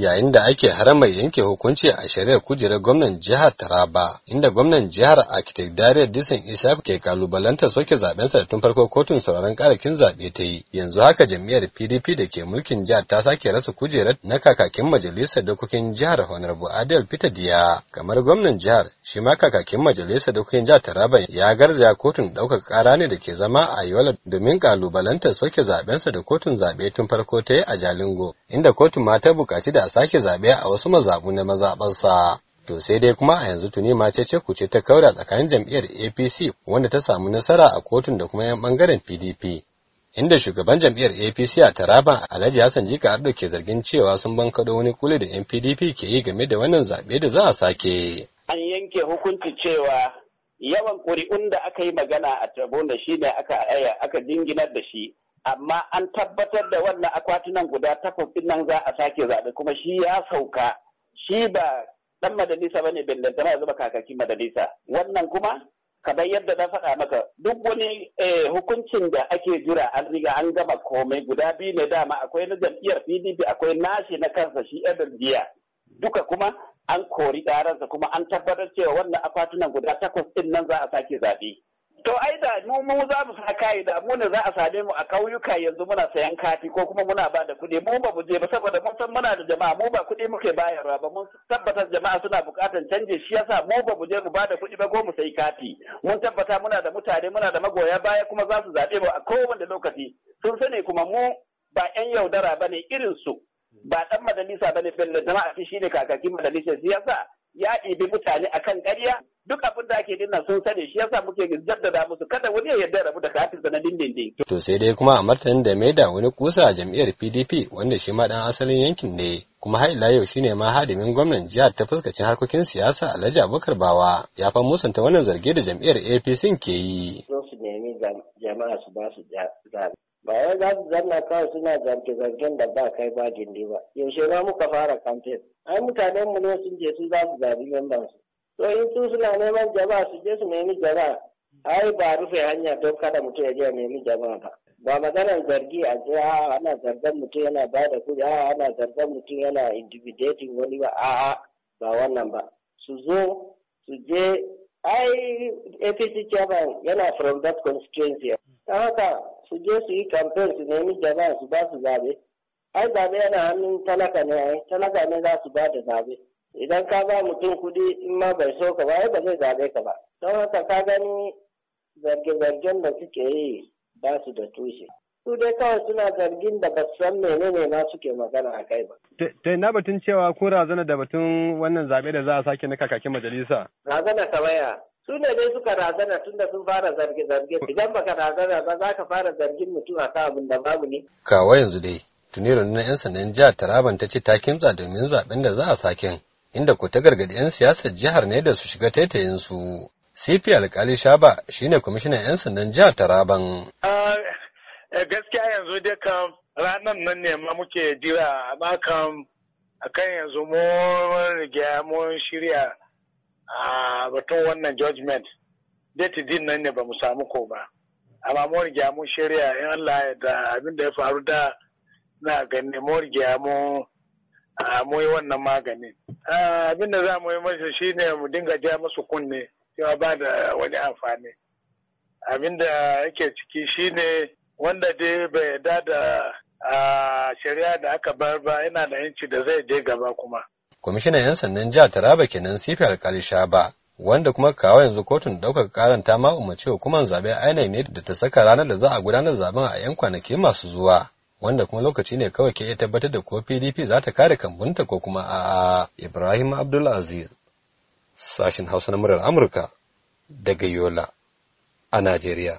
yayin da ake haramar yanke hukunci a shari'ar kujerar gwamnan jihar Taraba inda gwamnan jihar Architect Dariya Disan Isa ke kalubalanta soke zaben da tun farko kotun sauraron karakin zaɓe ta yi yanzu haka jami'ar PDP da ke mulkin jihar ta sake rasa kujerar na kakakin majalisar dokokin jihar Honorable Adel Peter Diya kamar gwamnan jihar shi ma kakakin majalisar dokokin jihar Taraba ya garzaya kotun ɗaukar ƙara ne da ke zama a Yola domin kalubalantar soke zaben da kotun zaɓe tun farko ta yi a Jalingo inda kotun ma ta buƙaci da sake zaɓe a wasu mazaɓu na mazaɓarsa. To sai dai kuma a yanzu tuni mace ce kuce ta kaura tsakanin jam'iyyar APC wanda ta samu nasara a kotun da kuma 'yan ɓangaren PDP. Inda shugaban jam'iyyar APC a Taraba Alhaji Hassan Jika Ardo ke zargin cewa sun bankaɗo wani kuli da 'yan PDP ke yi game da wannan zaɓe da za a sake. An yanke hukunci cewa yawan ƙuri'un da aka yi magana a Tarabona shi ne aka aka ginginar da shi amma an tabbatar da wannan akwatunan guda takwas din nan za a sake zaɓe kuma shi ya sauka shi ba ɗan majalisa bin bindantana ya zuba kakakin majalisa wannan kuma kamar yadda na faɗa maka duk wani eh, hukuncin da ake jira an riga an gama komai guda biyu ne dama akwai na jam'iyyar pdp akwai nashi na kansa shi edin jiya duka kuma an kori ɗaransa kuma an tabbatar cewa wannan akwatunan guda takwas ɗin nan za a sake zaɓe To ai da mu mu za mu sa kayi da mu ne za a same mu a kauyuka yanzu muna sayan kati ko kuma muna ba da kuɗi mu ba mu je ba saboda mun san muna da jama'a mu ba kuɗi muke bayarwa ba mun tabbatar jama'a suna buƙatar canje shi yasa mu ba mu je mu ba da kuɗi ba ko mu sayi kati mun tabbata muna da mutane muna da magoya baya kuma za su zaɓe mu a kowane lokaci sun sani kuma mu ba 'yan yaudara ba ne irin su ba ɗan majalisa ba ne bello jama'a shi ne kakakin majalisar yasa ya ɗibi mutane akan ƙarya da ake dinna sun sani shi yasa muke jaddada musu kada wani ya yarda rabu da katinsa na dindindin. To sai dai kuma a martanin da maida wani kusa a jam'iyyar PDP wanda shi ma dan asalin yankin ne. kuma har ila yau shine ma hadimin gwamnan jihar ta fuskacin harkokin siyasa Alhaji Abubakar Bawa ya fa musanta wannan zarge da jam'iyyar APC ke yi. su nemi jama'a su ba su zaɓe. ba ya za su zanna kawai suna zarge-zargen da ba kai ba gindi ba yaushe ma muka fara kamfen ai mutanen mu ne sun je su za su zabi memban su to in su suna neman jama'a su je su nemi jama'a ai ba rufe hanya don kada mutum ya je ya nemi jama'a ba ba maganar zargi a ce a ana zargan mutum yana ba da kuɗi a ana zargan mutum yana intimidating wani ba a ba wannan ba su zo su je ai apc chairman yana from that constituency ta haka su je su yi campaign su nemi jama'a su ba su zabe ai zabe yana hannun talaka ne ai talaka ne za su ba da zabe idan ka ba mutum kuɗi in ma bai so ka ba ba zai zaɓe ka ba don haka ka gani zarge-zargen da suke yi ba su da tushe su dai kawai suna zargin da ba san menene ma suke magana a kai ba. To ina batun cewa ko razana da batun wannan zaɓe da za a sake na kakakin majalisa? Razana kamaya. Su ne dai suka razana tunda sun fara zarge-zarge. Idan baka razana ba za ka fara zargin mutum a kan abin da babu ne. kawai yanzu dai. Tuni rundunar 'yan sandan jihar Taraban ta ce ta kimtsa domin zaben da za a saken inda ku ta gargadi 'yan siyasar jihar ne da su shiga taitayinsu. CP alkali Shaba shi ne kwamishinan 'yan sandan jihar Taraban. Gaskiya yanzu dai kam ranar nan ne ma muke jira amma kam akan yanzu mun riga mun shirya a batun wannan judgment date din nan ne ba mu samu ko ba amma mun riga mun shirya in Allah da abin da ya faru da na ganin mun riga mun mu yi wannan maganin. Abin da za mu yi masa shine mu dinga ja masu kunne cewa ba da wani amfani. Abin da yake ciki shine wanda dai bai yarda da shari'a da aka bar ba yana da yanci da zai je gaba kuma. Kwamishinan 'yan sandan jihar Taraba kenan sifi alkali ba wanda kuma kawo yanzu kotun ɗaukar ƙarin ta ma umarci hukumar zaɓe INEC ne da ta saka ranar da za a gudanar zaɓen a 'yan kwanaki masu zuwa. wanda kuma lokaci ne kawai ke iya tabbatar da ko PDP za ta kare kambunta ko kuma a Ibrahim Abdul Aziz sashin Hausa na murar Amurka daga Yola a Najeriya